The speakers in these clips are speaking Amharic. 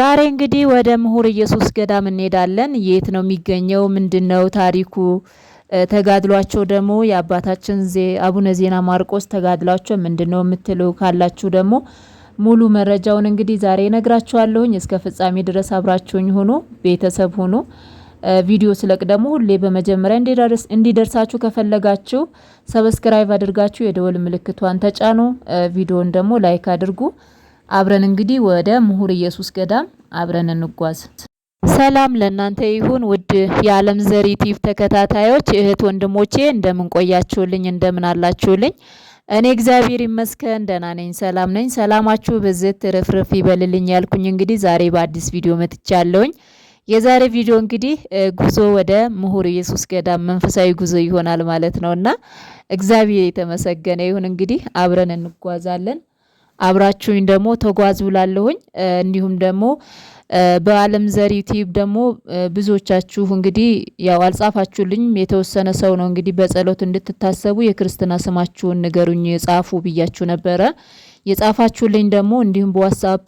ዛሬ እንግዲህ ወደ ምሁር ኢየሱስ ገዳም እንሄዳለን። የት ነው የሚገኘው? ምንድን ነው ታሪኩ? ተጋድሏቸው ደግሞ የአባታችን አቡነ ዜና ማርቆስ ተጋድሏቸው ምንድን ነው የምትሉ ካላችሁ ደግሞ ሙሉ መረጃውን እንግዲህ ዛሬ ነግራችኋለሁኝ። እስከ ፍጻሜ ድረስ አብራችሁኝ ሁኑ፣ ቤተሰብ ሁኑ። ቪዲዮ ስለቅ ደግሞ ሁሌ በመጀመሪያ እንዲደርሳችሁ ከፈለጋችሁ ሰብስክራይብ አድርጋችሁ የደወል ምልክቷን ተጫኑ። ቪዲዮን ደግሞ ላይክ አድርጉ። አብረን እንግዲህ ወደ ምሁር ኢየሱስ ገዳም አብረን እንጓዝ። ሰላም ለእናንተ ይሁን ውድ የዓለም ዘር ዩቲዩብ ተከታታዮች እህት ወንድሞቼ፣ እንደምን ቆያችሁልኝ? እንደምን አላችሁልኝ? እኔ እግዚአብሔር ይመስገን ደህና ነኝ፣ ሰላም ነኝ። ሰላማችሁ በዝት ርፍርፍ ይበልልኝ ያልኩኝ እንግዲህ ዛሬ በአዲስ ቪዲዮ መጥቻለሁኝ። የዛሬ ቪዲዮ እንግዲህ ጉዞ ወደ ምሁር ኢየሱስ ገዳም መንፈሳዊ ጉዞ ይሆናል ማለት ነውና እግዚአብሔር የተመሰገነ ይሁን። እንግዲህ አብረን እንጓዛለን። አብራችሁኝ ደግሞ ተጓዙ ላለሁኝ እንዲሁም ደግሞ በአለም ዘር ዩቲዩብ ደግሞ ብዙዎቻችሁ እንግዲህ ያው አልጻፋችሁልኝም። የተወሰነ ሰው ነው እንግዲህ በጸሎት እንድትታሰቡ የክርስትና ስማችሁን ንገሩኝ ጻፉ ብያችሁ ነበረ። የጻፋችሁልኝ ደግሞ እንዲሁም በዋትሳፕ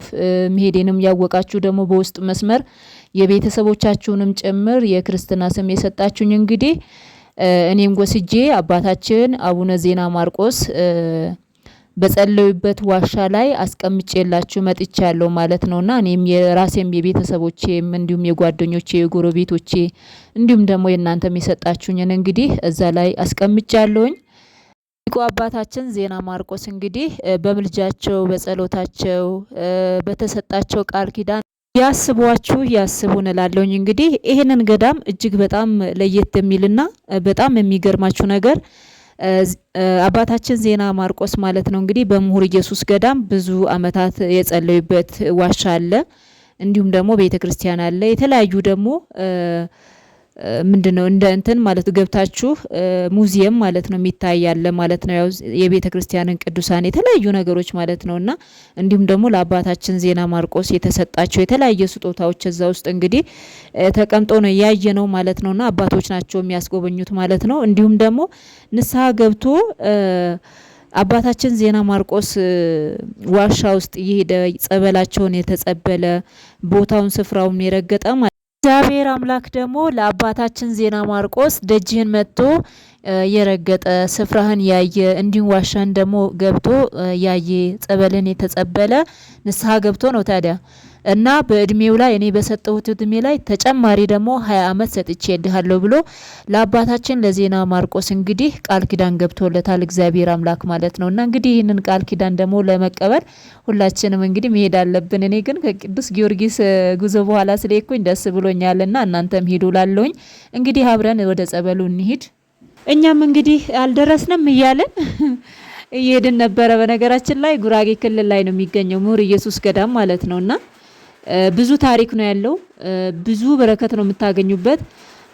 መሄዴንም ያወቃችሁ ደግሞ በውስጥ መስመር የቤተሰቦቻችሁንም ጭምር የክርስትና ስም የሰጣችሁኝ እንግዲህ እኔም ጎስጄ አባታችን አቡነ ዜና ማርቆስ በጸለዩበት ዋሻ ላይ አስቀምጬላችሁ መጥቻለሁ ማለት ነውና እኔም የራሴም የቤተሰቦቼም እንዲሁም የጓደኞቼ የጎረቤቶቼ እንዲሁም ደግሞ የእናንተም የሰጣችሁኝን እንግዲህ እዛ ላይ አስቀምጫለሁኝ። ሊቁ አባታችን ዜና ማርቆስ እንግዲህ በምልጃቸው በጸሎታቸው በተሰጣቸው ቃል ኪዳን ያስቧችሁ ያስቡን እላለሁኝ። እንግዲህ ይህንን ገዳም እጅግ በጣም ለየት የሚልና በጣም የሚገርማችሁ ነገር አባታችን ዜና ማርቆስ ማለት ነው እንግዲህ በምሁር ኢየሱስ ገዳም ብዙ አመታት የጸለዩበት ዋሻ አለ። እንዲሁም ደግሞ ቤተ ክርስቲያን አለ። የተለያዩ ደግሞ ምንድነው እንደ እንትን ማለት ገብታችሁ ሙዚየም ማለት ነው የሚታያለ ማለት ነው። ያው የቤተ ክርስቲያንን ቅዱሳን የተለያዩ ነገሮች ማለት ነው እና እንዲሁም ደግሞ ለአባታችን ዜና ማርቆስ የተሰጣቸው የተለያየ ስጦታዎች እዛ ውስጥ እንግዲህ ተቀምጦ ነው ያየ ነው ማለት እና አባቶች ናቸው የሚያስጎበኙት ማለት ነው። እንዲሁም ደግሞ ንስሐ ገብቶ አባታችን ዜና ማርቆስ ዋሻ ውስጥ የሄደ ጸበላቸውን የተጸበለ ቦታውን ስፍራውን የረገጠ እግዚአብሔር አምላክ ደግሞ ለአባታችን ዜና ማርቆስ ደጅህን መጥቶ የረገጠ ስፍራህን ያየ እንዲሁም ዋሻን ደግሞ ገብቶ ያየ ጸበልን የተጸበለ ንስሐ ገብቶ ነው ታዲያ እና በእድሜው ላይ እኔ በሰጠሁት እድሜ ላይ ተጨማሪ ደግሞ ሀያ ዓመት ሰጥቼ እድሃለሁ ብሎ ለአባታችን ለዜና ማርቆስ እንግዲህ ቃል ኪዳን ገብቶለታል እግዚአብሔር አምላክ ማለት ነው። እና እንግዲህ ይህንን ቃል ኪዳን ደግሞ ለመቀበል ሁላችንም እንግዲህ መሄድ አለብን። እኔ ግን ከቅዱስ ጊዮርጊስ ጉዞ በኋላ ስለኩኝ ደስ ና እናንተም ሂዱ ላለውኝ እንግዲህ አብረን ወደ ጸበሉ እንሂድ። እኛም እንግዲህ አልደረስንም እያለን እየሄድን ነበረ። በነገራችን ላይ ጉራጌ ክልል ላይ ነው የሚገኘው ምሁር ኢየሱስ ገዳም ማለት ነውና ብዙ ታሪክ ነው ያለው። ብዙ በረከት ነው የምታገኙበት።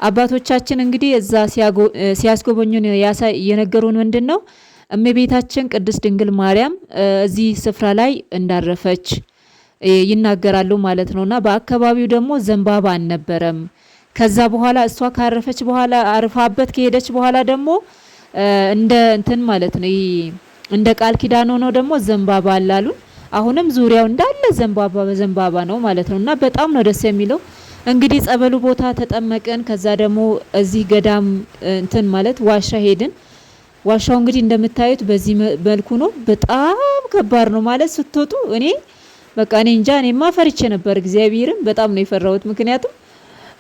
አባቶቻችን እንግዲህ እዛ ሲያስጎበኙን የነገሩን ምንድን ነው እመቤታችን ቅድስት ድንግል ማርያም እዚህ ስፍራ ላይ እንዳረፈች ይናገራሉ ማለት ነውና በአካባቢው ደግሞ ዘንባባ አልነበረም። ከዛ በኋላ እሷ ካረፈች በኋላ አርፋበት ከሄደች በኋላ ደግሞ እንደ እንትን ማለት ነው እንደ ቃል ኪዳን ሆኖ ደግሞ ዘንባባ አላሉን አሁንም ዙሪያው እንዳለ ዘንባባ በዘንባባ ነው ማለት ነው እና በጣም ነው ደስ የሚለው። እንግዲህ ጸበሉ ቦታ ተጠመቅን። ከዛ ደግሞ እዚህ ገዳም እንትን ማለት ዋሻ ሄድን። ዋሻው እንግዲህ እንደምታዩት በዚህ መልኩ ነው። በጣም ከባድ ነው ማለት ስትወጡ፣ እኔ በቃ እኔ እንጃ እኔማ ማፈርቼ ነበር። እግዚአብሔርም በጣም ነው የፈራሁት። ምክንያቱም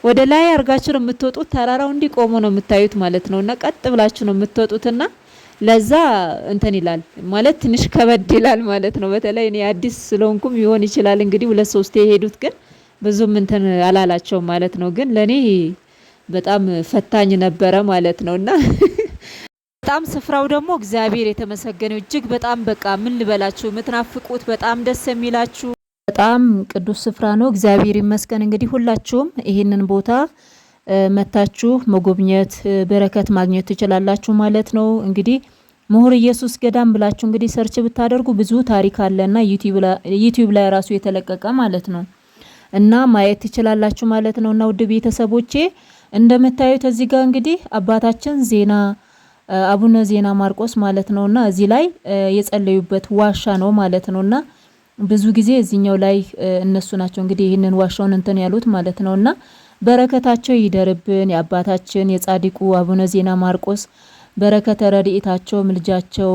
ወደ ላይ አርጋችሁ ነው የምትወጡት። ተራራው እንዲቆሙ ነው የምታዩት ማለት ነው እና ቀጥ ብላችሁ ነው የምትወጡትና ለዛ እንትን ይላል ማለት ትንሽ ከበድ ይላል ማለት ነው። በተለይ እኔ አዲስ ስለሆንኩም ይሆን ይችላል እንግዲህ ሁለት ሶስቴ የሄዱት ግን ብዙም እንትን አላላቸው ማለት ነው። ግን ለኔ በጣም ፈታኝ ነበረ ማለት ነው እና በጣም ስፍራው ደግሞ እግዚአብሔር የተመሰገነው እጅግ በጣም በቃ ምን ልበላችሁ የምትናፍቁት በጣም ደስ የሚላችሁ በጣም ቅዱስ ስፍራ ነው። እግዚአብሔር ይመስገን። እንግዲህ ሁላችሁም ይህንን ቦታ መታችሁ መጎብኘት በረከት ማግኘት ትችላላችሁ ማለት ነው። እንግዲህ ምሁር ኢየሱስ ገዳም ብላችሁ እንግዲህ ሰርች ብታደርጉ ብዙ ታሪክ አለና ዩቲዩብ ላይ ራሱ የተለቀቀ ማለት ነው እና ማየት ትችላላችሁ ማለት ነው። እና ውድ ቤተሰቦቼ እንደምታዩት እዚህ ጋር እንግዲህ አባታችን ዜና አቡነ ዜና ማርቆስ ማለት ነውና እዚህ ላይ የጸለዩበት ዋሻ ነው ማለት ነውና ብዙ ጊዜ እዚህኛው ላይ እነሱ ናቸው እንግዲህ ይህንን ዋሻውን እንትን ያሉት ማለት ነውና በረከታቸው ይደርብን። የአባታችን የጻድቁ አቡነ ዜና ማርቆስ በረከተ ረድኤታቸው ምልጃቸው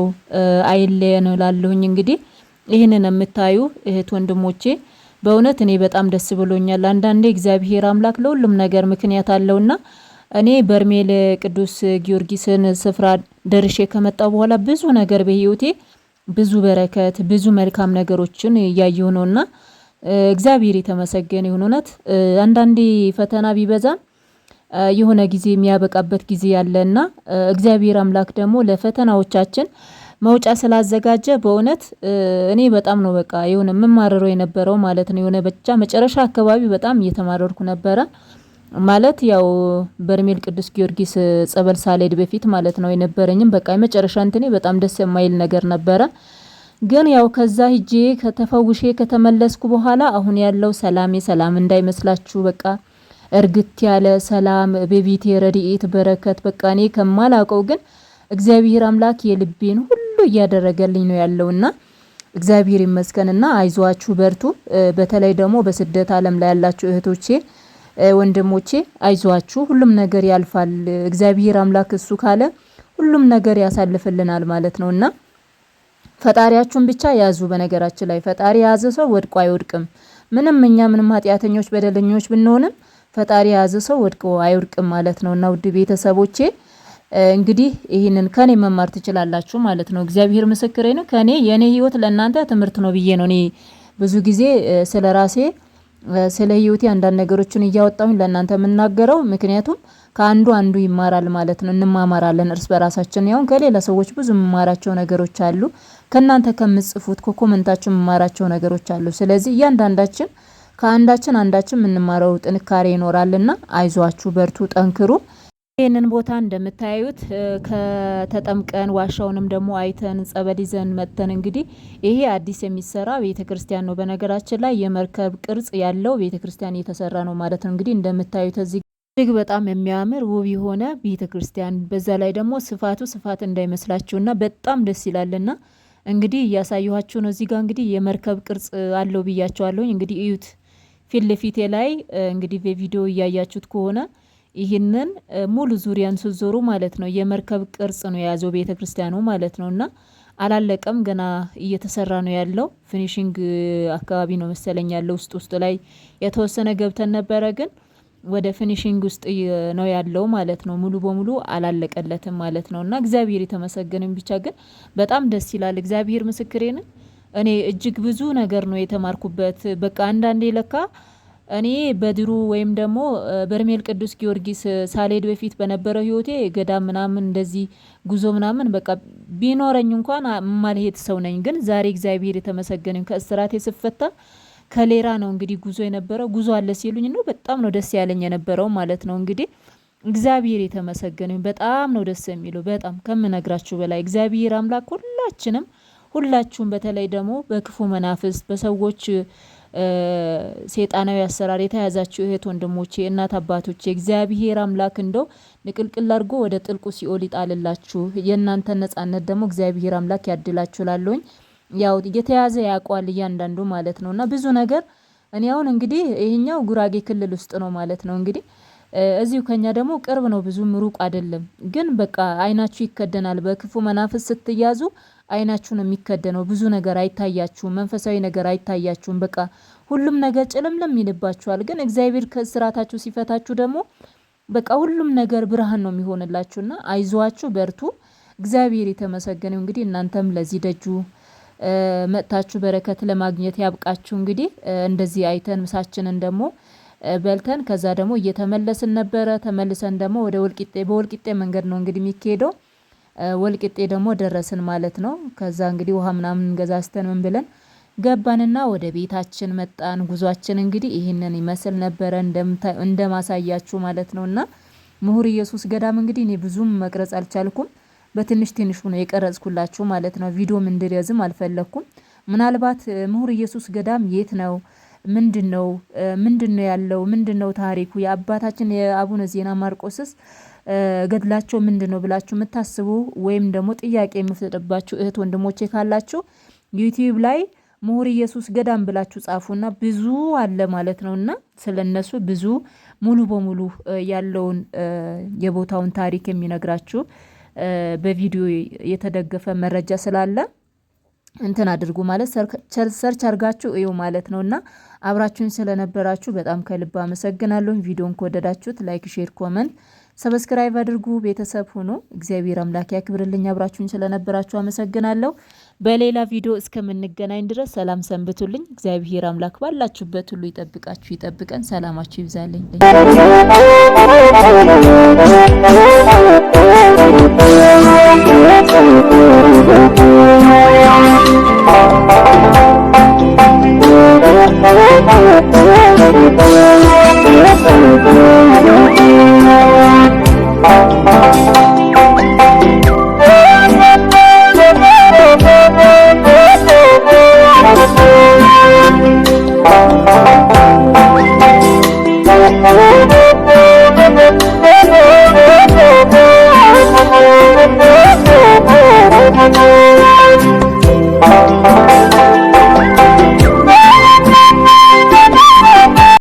አይለየን እላለሁኝ። እንግዲህ ይህንን የምታዩ እህት ወንድሞቼ በእውነት እኔ በጣም ደስ ብሎኛል። አንዳንዴ እግዚአብሔር አምላክ ለሁሉም ነገር ምክንያት አለውና እኔ በርሜል ቅዱስ ጊዮርጊስን ስፍራ ደርሼ ከመጣ በኋላ ብዙ ነገር በህይወቴ ብዙ በረከት ብዙ መልካም ነገሮችን እያየሁ ነውና እግዚአብሔር የተመሰገነ ይሁን። እውነት አንዳንዴ ፈተና ቢበዛም የሆነ ጊዜ የሚያበቃበት ጊዜ ያለ ያለና እግዚአብሔር አምላክ ደግሞ ለፈተናዎቻችን መውጫ ስላዘጋጀ በእውነት እኔ በጣም ነው በቃ የሆነ የምማረረው የነበረው ማለት ነው። የሆነ ብቻ መጨረሻ አካባቢ በጣም እየተማረርኩ ነበረ ማለት ያው በርሜል ቅዱስ ጊዮርጊስ ጸበል ሳልሄድ በፊት ማለት ነው የነበረኝም በቃ የመጨረሻ እንትኔ በጣም ደስ የማይል ነገር ነበረ። ግን ያው ከዛ ሂጄ ከተፈውሼ ከተመለስኩ በኋላ አሁን ያለው ሰላም ሰላም እንዳይመስላችሁ በቃ እርግት ያለ ሰላም በቤቴ ረድኤት በረከት በቃ እኔ ከማላውቀው ግን እግዚአብሔር አምላክ የልቤን ሁሉ እያደረገልኝ ነው ያለውና እግዚአብሔር ይመስገንና አይዟችሁ በርቱ። በተለይ ደግሞ በስደት ዓለም ላይ ያላችሁ እህቶቼ ወንድሞቼ አይዟችሁ፣ ሁሉም ነገር ያልፋል። እግዚአብሔር አምላክ እሱ ካለ ሁሉም ነገር ያሳልፍልናል ማለት ነውና ፈጣሪያችሁን ብቻ ያዙ። በነገራችን ላይ ፈጣሪ የያዘ ሰው ወድቆ አይወድቅም። ምንም እኛ ምንም ኃጢአተኞች በደለኞች ብንሆንም ፈጣሪ የያዘ ሰው ወድቆ አይወድቅም ማለት ነው እና ውድ ቤተሰቦቼ እንግዲህ ይህንን ከኔ መማር ትችላላችሁ ማለት ነው። እግዚአብሔር ምስክሬ ነው። ከኔ የኔ ህይወት ለእናንተ ትምህርት ነው ብዬ ነው እኔ ብዙ ጊዜ ስለ ራሴ ስለ ህይወቴ አንዳንድ ነገሮችን እያወጣሁኝ ለእናንተ የምናገረው ምክንያቱም ከአንዱ አንዱ ይማራል ማለት ነው። እንማማራለን እርስ በራሳችን ያውን ከሌላ ሰዎች ብዙ የምማራቸው ነገሮች አሉ። ከእናንተ ከምጽፉት ከኮመንታችሁ የምማራቸው ነገሮች አሉ። ስለዚህ እያንዳንዳችን ከአንዳችን አንዳችን የምንማረው ጥንካሬ ይኖራልና አይዟችሁ፣ በርቱ፣ ጠንክሩ። ይህንን ቦታ እንደምታዩት ከተጠምቀን ዋሻውንም ደግሞ አይተን ጸበል ይዘን መጥተን እንግዲህ ይሄ አዲስ የሚሰራ ቤተ ክርስቲያን ነው። በነገራችን ላይ የመርከብ ቅርጽ ያለው ቤተ ክርስቲያን እየተሰራ ነው ማለት ነው። እንግዲህ እንደምታዩት እዚህ እጅግ በጣም የሚያምር ውብ የሆነ ቤተ ክርስቲያን፣ በዛ ላይ ደግሞ ስፋቱ ስፋት እንዳይመስላችሁና በጣም ደስ ይላልና እንግዲህ እያሳየኋችሁ ነው። እዚህ ጋር እንግዲህ የመርከብ ቅርጽ አለው ብያቸዋለሁኝ። እንግዲህ እዩት ፊት ለፊቴ ላይ እንግዲህ በቪዲዮ እያያችሁት ከሆነ ይህንን ሙሉ ዙሪያን ስዞሩ ማለት ነው የመርከብ ቅርጽ ነው የያዘው ቤተ ክርስቲያኑ ማለት ነው። እና አላለቀም፣ ገና እየተሰራ ነው ያለው። ፊኒሽንግ አካባቢ ነው መሰለኝ ያለው። ውስጥ ውስጥ ላይ የተወሰነ ገብተን ነበረ ግን ወደ ፊኒሽንግ ውስጥ ነው ያለው ማለት ነው። ሙሉ በሙሉ አላለቀለትም ማለት ነው እና እግዚአብሔር የተመሰገንም ብቻ ግን በጣም ደስ ይላል። እግዚአብሔር ምስክሬን እኔ እጅግ ብዙ ነገር ነው የተማርኩበት። በቃ አንዳንዴ ለካ እኔ በድሩ ወይም ደግሞ በርሜል ቅዱስ ጊዮርጊስ ሳሌድ በፊት በነበረው ህይወቴ ገዳም ምናምን እንደዚህ ጉዞ ምናምን በቃ ቢኖረኝ እንኳን ማልሄድ ሰው ነኝ። ግን ዛሬ እግዚአብሔር የተመሰገንም ከእስራቴ ስፈታ ከሌራ ነው እንግዲህ ጉዞ የነበረው። ጉዞ አለ ሲሉኝ ነው በጣም ነው ደስ ያለኝ የነበረው ማለት ነው እንግዲህ እግዚአብሔር የተመሰገነ በጣም ነው ደስ የሚለው። በጣም ከምነግራችሁ በላይ እግዚአብሔር አምላክ ሁላችንም ሁላችሁም በተለይ ደግሞ በክፉ መናፍስት በሰዎች ሴጣናዊ አሰራር የተያዛችሁ እህት ወንድሞቼ፣ እናት አባቶቼ እግዚአብሔር አምላክ እንደው ንቅልቅል አድርጎ ወደ ጥልቁ ሲኦል ይጣልላችሁ። የእናንተ ነጻነት ደግሞ እግዚአብሔር አምላክ ያድላችሁ ላለሁኝ ያው የተያዘ ያውቀዋል እያንዳንዱ ማለት ነው። እና ብዙ ነገር እኔ አሁን እንግዲህ ይሄኛው ጉራጌ ክልል ውስጥ ነው ማለት ነው። እንግዲህ እዚሁ ከኛ ደግሞ ቅርብ ነው ብዙም ሩቅ አይደለም። ግን በቃ አይናችሁ ይከደናል በክፉ መናፍስ ስትያዙ አይናችሁ ነው የሚከደነው ብዙ ነገር አይታያችሁም መንፈሳዊ ነገር አይታያችሁም በቃ ሁሉም ነገር ጭልምልም ይልባችኋል። ግን እግዚአብሔር ከስራታችሁ ሲፈታችሁ ደግሞ በቃ ሁሉም ነገር ብርሃን ነው የሚሆንላችሁና አይዟችሁ በርቱ። እግዚአብሔር የተመሰገነው እንግዲህ እናንተም ለዚህ ደጁ መጥታችሁ በረከት ለማግኘት ያብቃችሁ። እንግዲህ እንደዚህ አይተን ምሳችንን ደግሞ በልተን ከዛ ደግሞ እየተመለስን ነበረ። ተመልሰን ደግሞ ወደ ወልቂጤ በወልቂጤ መንገድ ነው እንግዲህ የሚካሄደው። ወልቂጤ ደግሞ ደረስን ማለት ነው። ከዛ እንግዲህ ውሃ ምናምን እንገዛዝተን ምን ብለን ገባንና ወደ ቤታችን መጣን። ጉዟችን እንግዲህ ይህንን ይመስል ነበረ እንደማሳያችሁ ማለት እና ምሁር ኢየሱስ ገዳም እንግዲህ እኔ ብዙም መቅረጽ አልቻልኩም። በትንሽ ትንሹ ነው የቀረጽኩላችሁ ማለት ነው። ቪዲዮም እንዲረዝም አልፈለግኩም። ምናልባት ምሁር ኢየሱስ ገዳም የት ነው? ምንድን ነው ምንድን ነው ያለው? ምንድን ነው ታሪኩ? የአባታችን የአቡነ ዜና ማርቆስስ ገድላቸው ምንድን ነው ብላችሁ የምታስቡ ወይም ደግሞ ጥያቄ የምፍጠጥባችሁ እህት ወንድሞቼ ካላችሁ ዩቲዩብ ላይ ምሁር ኢየሱስ ገዳም ብላችሁ ጻፉና ብዙ አለ ማለት ነው። እና ስለነሱ ብዙ ሙሉ በሙሉ ያለውን የቦታውን ታሪክ የሚነግራችሁ በቪዲዮ የተደገፈ መረጃ ስላለ እንትን አድርጉ ማለት ሰርች አርጋችሁ እዩ ማለት ነው። እና አብራችሁን ስለነበራችሁ በጣም ከልብ አመሰግናለሁ። ቪዲዮን ከወደዳችሁት ላይክ፣ ሼር፣ ኮመንት፣ ሰብስክራይብ አድርጉ። ቤተሰብ ሁኑ። እግዚአብሔር አምላክ ያክብርልኝ። አብራችሁን ስለነበራችሁ አመሰግናለሁ። በሌላ ቪዲዮ እስከምንገናኝ ድረስ ሰላም ሰንብቱልኝ። እግዚአብሔር አምላክ ባላችሁበት ሁሉ ይጠብቃችሁ፣ ይጠብቀን። ሰላማችሁ ይብዛልኝ።